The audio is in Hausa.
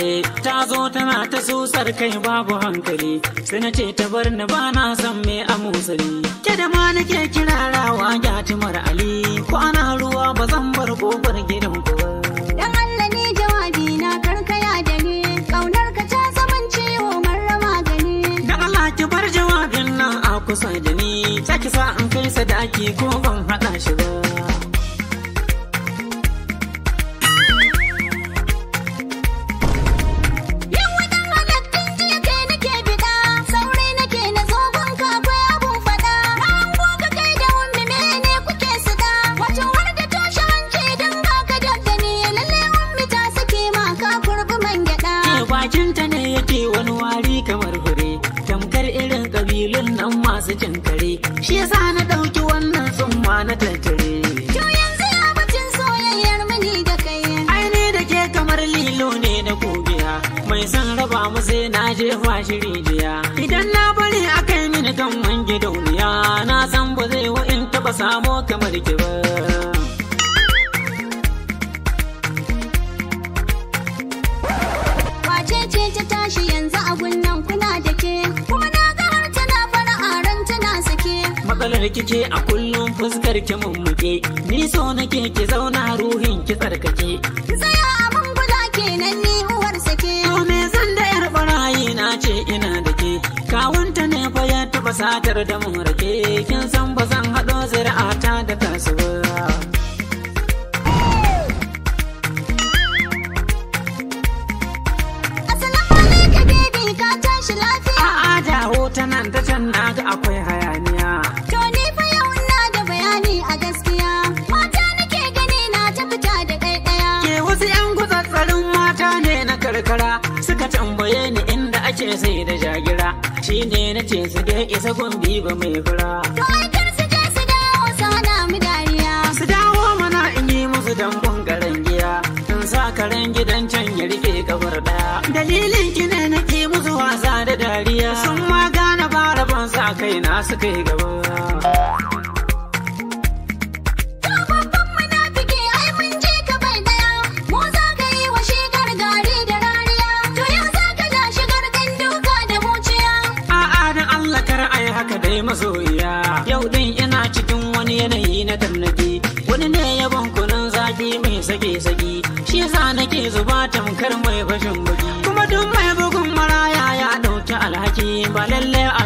kare ta zo tana ta susar kai babu hankali sai na ce ta bar ni ba na san me a musali ke da ma nake kirarawa gyatimar ali kwana ruwa ba zan bar kofar gidan ku dan Allah ne jawabi na karkaya ya ni kaunar ka ta zaman ciwo marrama gani dan Allah ki bar jawabin nan a kusa da ni saki sa an kai sadaki ko ban hada shi ba Jikinta ne ya ce wani wari kamar hure, tamkar irin ƙabilun nan masu jin kare. Shi yasa na ɗauki wannan tsumma na tattare. To yanzu ya bacin soyayyar mini da kai. Ai ni da ke kamar lilo ne na kogiya, mai son raba mu sai na jefa shi rijiya. Idan na bari a kai mini kan wange dauniya, na san ba zai wa in taɓa samo kamar ki rikice a kullum fuskar ki mummuke ni so nake ki zauna ruhin ki tsarkake ki tsaya abun guda kenan ni uwar sake to me zan da yar barayi na ce ina da ke kawunta ne fa ya taba satar da mu rake kin san ba zan hado ta da tasu ba A'a da hotunan ta can na ga akwai hayani. karkara suka tambaye ni inda ake sai da jagira shine na ce su dai isa gombi ba mai fura. To aikin su je su dawo su hana mu dariya. Su dawo mana in yi musu dambon karen giya. Tun sa karen gidan can ya rike kafar daya. Dalilin kina na ke musu wasa da dariya. Sun ma gane bara ban sa kai na su kai gaba. masoya yau din ina cikin wani yanayi na tarnaki wani ne ya kunun zaki mai sake saki shi yasa nake zuba tamkar mai fashin baki kuma duk mai bugun maraya ya dauki alhaki ba lallai